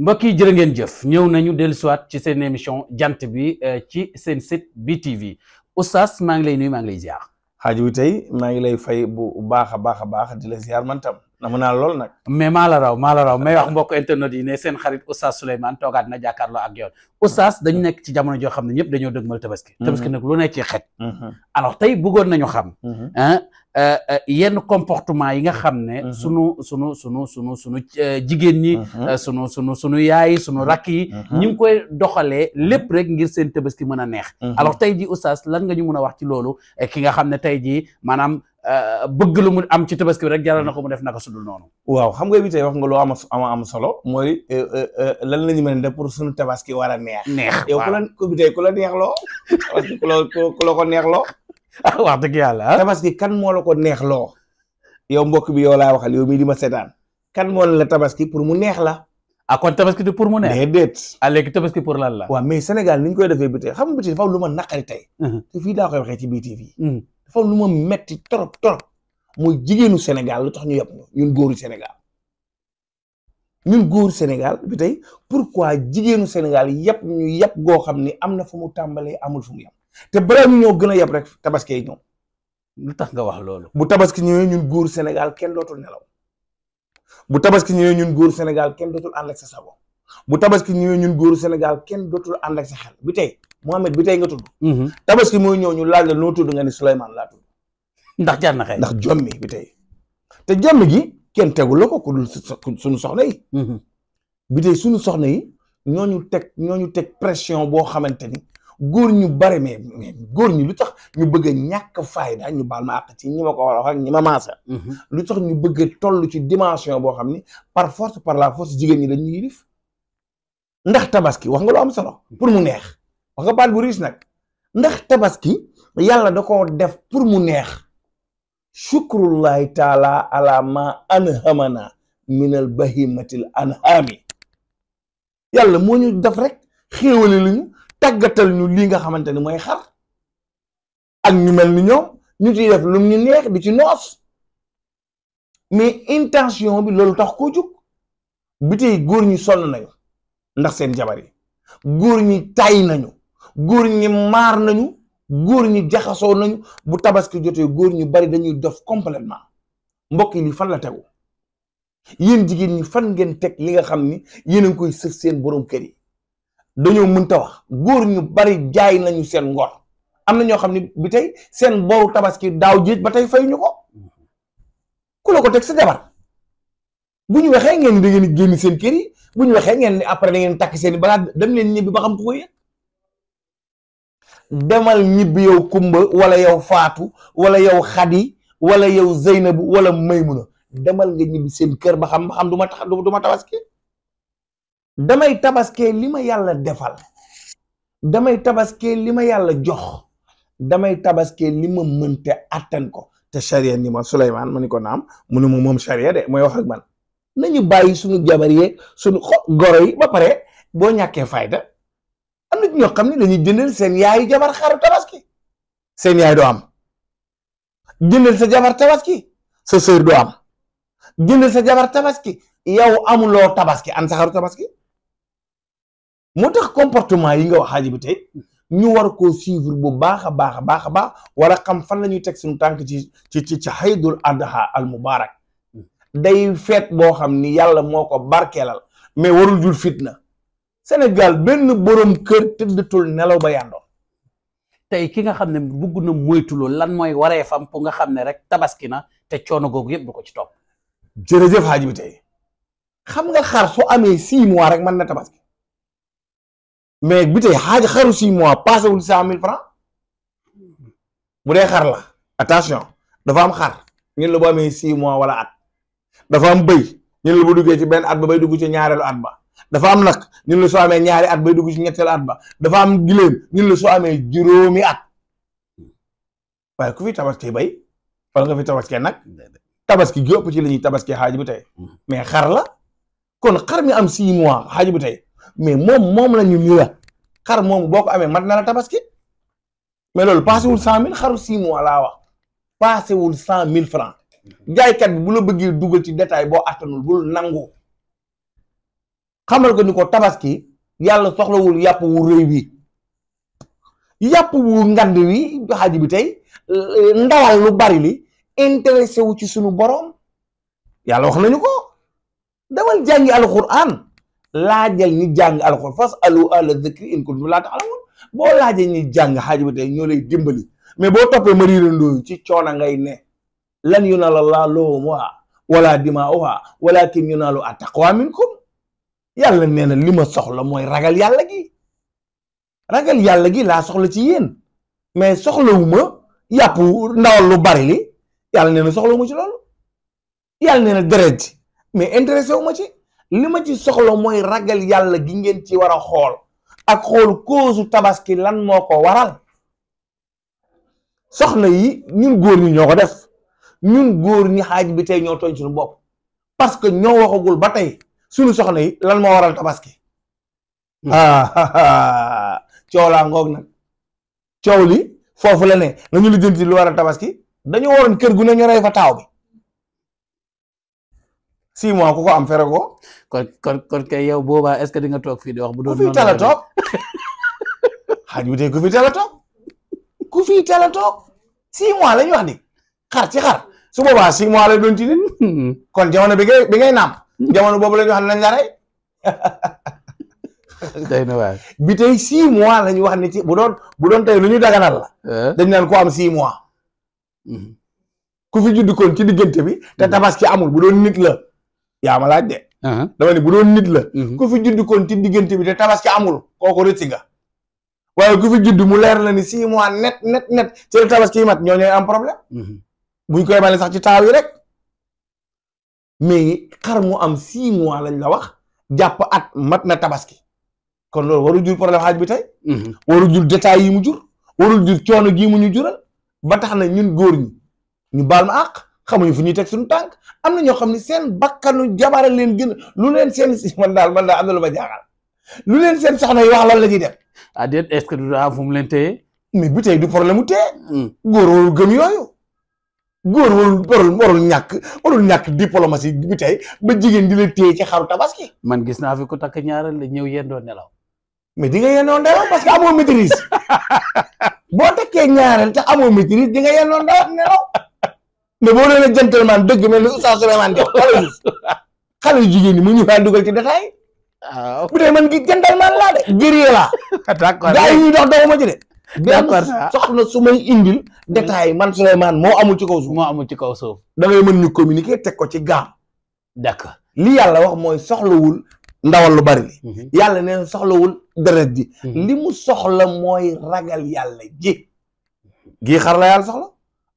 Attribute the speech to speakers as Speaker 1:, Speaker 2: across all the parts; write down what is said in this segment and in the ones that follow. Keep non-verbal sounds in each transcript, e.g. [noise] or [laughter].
Speaker 1: mbokk yi jërë ngeen jëf ñëw nañu dellusiwaat ci seen émission jant bi eh, ci seen site BTV oustaz maa ngi lay nuyu maa ngi lay ziar. xaaju tey maa ngi lay fay bu baax a baax a baax di la ziar man dama naa lool nag. mais maa la raw maa la raw wax mbokk internet yi ne seen xarit Oustaz Souleymane toogaat na jàkkaarloo ak yoon Oustaz dañu nekk ci jamono joo xam ne ñëpp dañoo dëgmal tabaski. Mhm. tabaski nag lu ne ci xet. Mhm. alors tey bëggoon nañu xam. Mhm. Euh, euh, yenn comportement yi nga xam ne. sunu sunu sunu sunu sunu euh, jigéen ñi. sunu sunu sunu yaay sunu rakk yi. ñu ngi koy doxalee lépp rek ngir seen tabaski mën a neex. alors tey ji Oustaz lan nga ñu mën a wax ci loolu eh, ki nga xam ne tey jii maanaam. Euh,
Speaker 2: bëgg lu mu am ci tabaski bi rek jaral na ko mu def naka sudul noonu. waaw xam nga bi tey wax nga loo am ama am solo mooy euh, euh, lan la ñu mën a def pour suñu tabaski war a neex. neex yow ku la ku bi tey la neex loo tabaski [laughs] ku la ko neex loo. [laughs] wax dëgg yàlla tabaski kan moo la ko neex loo. yaw mbokk bi yow laa waxal yow mii di ma seetaan kan moo la tabaski pour mu neex la. ah kon tabaski du pour mu neex. déedéet. ah léegi pour lan la. waaw mais Sénégal ni ñu koy defee bi tey xam nga bi tey dafa lu ma naqari tey. te fii daa koy waxee ci BTV. dafa lu ma metti trop trop mooy jigéenu Sénégal lu tax ñu yab ñun góoru Sénégal ñun góoru Sénégal bi tey pourquoi jigéenu Sénégal yab ñu yab goo xam ni am na fu mu tàmbalee amul fu mu yab te balaa ñu ñoo gën a yab rek tabaskee ñoom lu tax nga wax loolu. bu tabaski ñëwee ñun góoru Sénégal kenn dootul nelaw bu tabaski ñëwee ñun góoru Sénégal kenn dootul ànd ak sa sago bu tabaski ñëwee ñun góoru Sénégal kenn dootul ànd ak sa xel tey Mohamed bi tey nga tudd. Mhm. tabaski mooy ñëw ñu laaj la noo tudd nga ni Souleymane laa tudd. ndax jar ndax jommi bi tey te jommi gi kenn tegu la ko ku dul suñu soxna yi. Mhm. bi tey suñu soxna yi ñoo ñu teg teg pression boo xamante ni góor ñu bare mais mais góor ñu lu tax ñu bëgg a ñàkk fayda ñu baal ma àq ci ñi ma ko war wax ak ñi ma maasa. Mhm. lu tax ñu bëgg a toll ci dimension boo xam ni par force par la force jigéen ñi dañuy yilif ndax tabaski wax nga lu am solo pour mu neex. wax nga baat bu riis nag ndax tabaski yàlla da ko def pour mu neex shukrullahi taala ala ma anhamana minal bahimatil anhami yàlla moo ñu def rek xéewale lu ñu tàggatal ñu lii nga xamante ni mooy xar ak ñu mel ni ñoom ñu ciy def lum ñu neex di ci noos mais intention bi loolu tax koo jóg bi tey góor ñi sonn nañu ndax seen jabar yi góor ñi tàyyi nañu góor ñi maar nañu góor ñi jaxasoo nañu bu tabaski jotee góor ñu bari dañuy dof complètement mbokk yi fan la tegu yéen jigéen ñi fan ngeen teg li nga xam ni yéen a koy sëf seen borom kër yi dañoo mënta wax góor ñu bari jaay nañu seen ngor am na ñoo xam ne bi tey seen boru tabaski daaw jéej ba tey fayuñu ko ku la ko teg sa jabar bu ñu waxee ngeen ni génn seen kër yi bu ñu waxee ngeen ni après da ngeen takk seen balaa dem leen ñibbi ba xam ku ko yëg demal ñibbi yow kumba wala yow faatu wala yow xadi wala yow zeynabu wala maymuna demal nga ñibbi seen kër ba xam ba xam du ma tax duma ma damay tabaskee li ma yàlla defal damay tabaskee li ma yàlla jox damay tabaskee li ma mënte attan ko te charia ni ma Souleymane ma ni ko naam mu ne ma moom charia de mooy wax ak man nañu bàyyi suñu jabar yi suñu xo goro yi ba pare boo ñàkkee fayda na ci ñoo xam ne dañuy jëndal seen yaayu jabar xaru tabaski seen yaay doo am jëndal sa jabar tabaski sa sœur doo am jëndal sa jabar tabaski yow amuloo tabaski an sa xaru tabaski moo tax comportement yi nga wax xaaji bi tey ñu war ko suivre bu baax a baax a baax a baax war a xam fan la ñuy teg suñu tànk ci ci ci ci xaydul adha al mubarak day fet boo xam ni yàlla moo ko barkeelal mais warul jur fitna Sénégal benn borom kër tëddatul nelaw ba yàndoon
Speaker 1: tey ki nga xam ne bugg na moytuloo lan mooy waree fam pour nga xam ne rek tabaski na
Speaker 2: te coono googu yëpp du ko ci topp. jërëjëf xaaj bi tey xam nga xar soo amee six mois rek man na tabaski mais bi tey xaaj xaru six mois passé wul cent mille francs bu dee xar la attention dafa am xar ñun la bu amee six mois wala at dafa am bëy ñun la bu duggee ci benn at ba bay dugg ci ñaareelu at ba. dafa am nag ñun la soo amee ñaari at bay dugg ci ñetteelu at ba dafa am giléem ñun la soo amee juróomi at waaye ku fi tabaski bay wala nga fi tabaskee nag tabaski gi ëpp ci la ñuy tabaskee xaaj bu tey mm-hmm. mais xar la kon xar mi am six mois xaaj bi tey mais moom moom la ñu la xar moom boo ko amee mat na la tabaski mais loolu passé wul cent mille xaru six mois laa wax passé wul cent mille francs mm-hmm. jaaykat bi bu la bëggee dugal ci détail boo attanul bul nangu xamal ko ni ko tabaski yàlla soxlawul yàpp wu rëy wi yàpp wu ngand wi xaaji bi tey ndawal lu bari li intéressé wu ci sunu boroom yàlla wax nañu ko dawal jàngi alquran laajal ñi jàng alquran fas alu ahla dhikri in kuntum laa ta'lamun boo laajee ñi jàng xaaji bi tey ñoo lay dimbali mais boo toppee ma riirandooyu ci coona ngay ne lan yunaala llaaha luhumuhaa wala dimaa'uhaa walakin yunaalu attaqwa minkum yàlla nee na li ma soxla mooy ragal yàlla gi ragal yàlla gi laa soxla ci yéen mais soxlawuma yàpp ndawal lu bari li yàlla nee na soxlawuma ci loolu yàlla nee na deret ji mais intéressé wu ma ci li ma ci soxla mooy ragal yàlla gi ngeen ci war a xool ak xool koosu tabaski lan moo ko waral soxna yi ñun góor ñi ñoo ko def ñun góor ñi xaaj bi tey ñoo tooñ suñu bopp parce que ñoo waxagul ba tey sunu soxna yi lan moo waral tabaski hmm. ah coow laa ngoog nag coow li foofu la ne nañu li jënti lu waral tabaski dañu waroon kër gu ne ñu fa taaw bi six ku ko am fere ko kon kon
Speaker 1: kon kay yow boobaa est-ce que di nga toog fii di wax bu doon ku
Speaker 2: fi toog ku fi tala toog ku fi wax di xar ci xar su boobaa six mois lay doon hmm. kon jamono bi ngay bi ngay naam jamono bobu lañ wax ne nañ la ray day na way bi tay 6 mois lañ wax ni ci bu doon bu doon tay luñu daganal la. Eh? dañ nan ko am 6 mois. Hmm. ku fi judd kon ci digënté bi. té hmm. tabaski amul bu doon nit la. ya ma laaj dé eh? dama ni bu doon nit la. Hmm. ku fi judd kon ci digënté bi té tabaski amul koko rëcc nga. waye ku fi judd mu leer la ni 6 mois net net net ci tabaski mat ñoo ñoy am problème. buñ koy balé sax ci taw yi rek. mais xar mu am six mois lañ la wax jàpp at mat na tabaski kon loolu waru jur problème xaaj bi tey. Mhm. waru jur détails yi mu jur. warul jur coono gii mu ñu jural ba tax na ñun góor ñi ñu baal ma àq xamuñu fu ñuy teg suñu tànk am na ñoo xam ne seen bakkanu jabara leen gën lu leen seen si man daal man daal am na lu ma jaaxal lu leen seen soxna yi wax lan la ñuy def. ah déet est-ce que du daa fu leen téye. mais bi tey du problème mu téye. Mm. góor warul gëm yooyu. góor wol borol warul ñak warul ñak diplomatie bi tay ba jigen di la tey ci xaru tabaski. man
Speaker 1: gis na fi ku tak ñaareel la ñew yendo nelaw. mais di nga yendo ndaw parce que amo maîtrise [laughs]
Speaker 2: bo takkee ñaareel ta amo maîtrise di nga yendo ndaw nelaw mais bo nee gentleman deug mel ni Oustaz Souleymane Diop xale [laughs] jigen ni mu ñu fa duggal ci detaay ah bu tay man gi gentleman la de guerrier la [laughs] d'accord gaay ñu dox dawuma ci de. benn soxna su may indil détail man Souleymane moo amul ci kaw suuf. moo amul ci kaw suuf. da ngay mën ñu communiquer teg ko ci gaam. d'accord li yàlla wax mooy soxlawul ndawal lu bari li. Mhm. yàlla neen soxlawul deret ji. Mhm. li mu soxla mooy ragal yàlla ji. gii xar la yàlla soxla.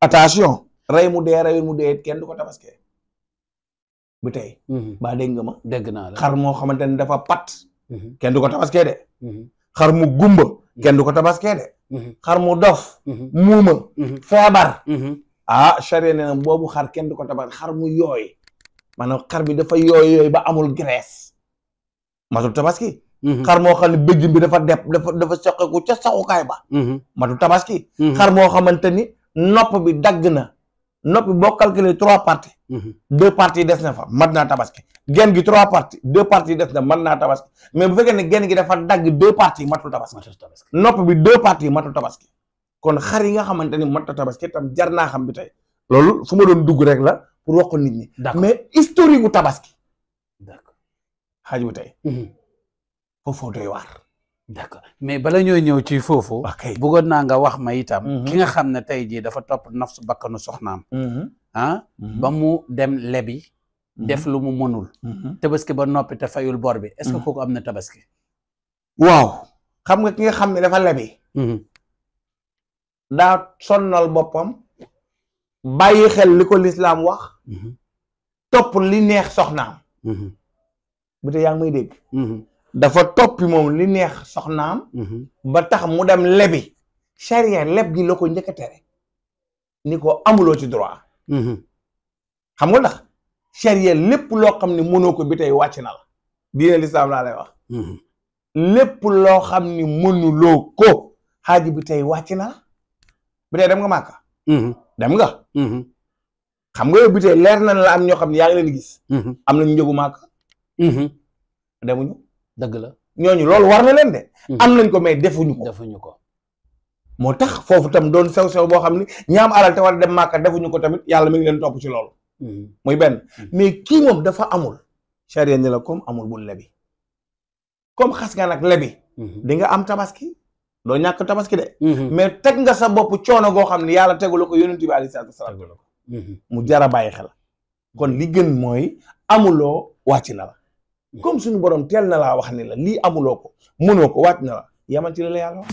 Speaker 2: attention rey mu dee rey mu dee kenn du ko tabaskee. bu tey. Mm -hmm. ba dégg nga ma. dégg naa la xar moo xamante ne dafa pat. Mhm. kenn du ko tabaskee de. xar mu gumba. kenn du ko tabaskee de. Mhm. xar mu dof. Mhm. muuma. Mhm. feebar. ah charia nee boobu xar kenn du ko tabas xar mu yooy maanaam xar bi dafa yooy yooy ba amul graisse matul tabaski. xar moo xam ne bëjjin bi dafa depp dafa dafa soqeeku ca saxukaay ba. matul tabaski. xar moo xamante ni nopp bi dagg na. noppi boo calculer trois parties. Mhm. deux parties des na fa mat naa tabaski genn gi trois parties deux parties des na mat naa tabaski mais bu fekkee ne genn gi dafa dagg deux parties matul tabaski. nopp bi deux parties matul tabaski. kon xar yi nga xamante ni matul tabaski tam jar naa xam bi tey loolu fu ma doon dugg rek la pour wax ko nit ñi. mais historique gu tabaski. d' accord xaaj bu tey. Mhm. foofu doy waar.
Speaker 1: d'accord mais bala ñoo ñëw ci foofu. bëggoon naa nga wax ma itam. Mhm. ki nga xam ne tey jii dafa topp nafsu bakkanu soxnaam. Mhm. ah mhm. ba mu dem lebi. def lu mu mënul. tabaski ba noppi te fayul bor
Speaker 2: bi. est-ce que kooku am na tabaski. waaw xam nga ki nga xam ne dafa lebi. daa sonnal boppam. bàyyi xel li ko lislaam wax. topp li neex soxnaam. bu dee yaa ngi may dégg. dafa toppi moom li neex soxnaam. Mhm. ba tax mu dem lebi. charia leb gi la ko njëkk tere ni ko amuloo ci droit. Mhm. xam nga ndax charia lépp loo xam ne mënoo ko bi wàcc na la. diine lislaam laa lay wax. Mhm. lépp loo xam ni mënuloo ko xaaji bi tey wàcc na la bi dem nga màkka. dem nga. xam nga yow bi leer na la am ñoo xam ne yaa ngi leen gis. am nañu njëgu màkka. demuñu. dëgg la ñooñu loolu war na leen de. Hmm. am nañ ko mais defuñu ko defuñu ko. moo tax foofu tam doon sew sew boo xam ni ñaam alal te war dem màkka defuñu ko tamit yàlla mi ngi leen topp ci loolu. Hmm. muy benn hmm. mais kii moom dafa amul. charia ni la comme amul bul lebi comme xas nga nag lebi. di nga am tabaski. doo ñàkk tabaski de. mais teg nga sa bopp coono goo xam ne yàlla tegula ko yonent bi sa salaatu wasalaam. mu jar a bàyyi xel. kon li gën mooy amuloo wàcc na la. comme suñu borom teel na laa wax ne la lii amuloo ko mënoo ko waat na la yamal ci la la yàlla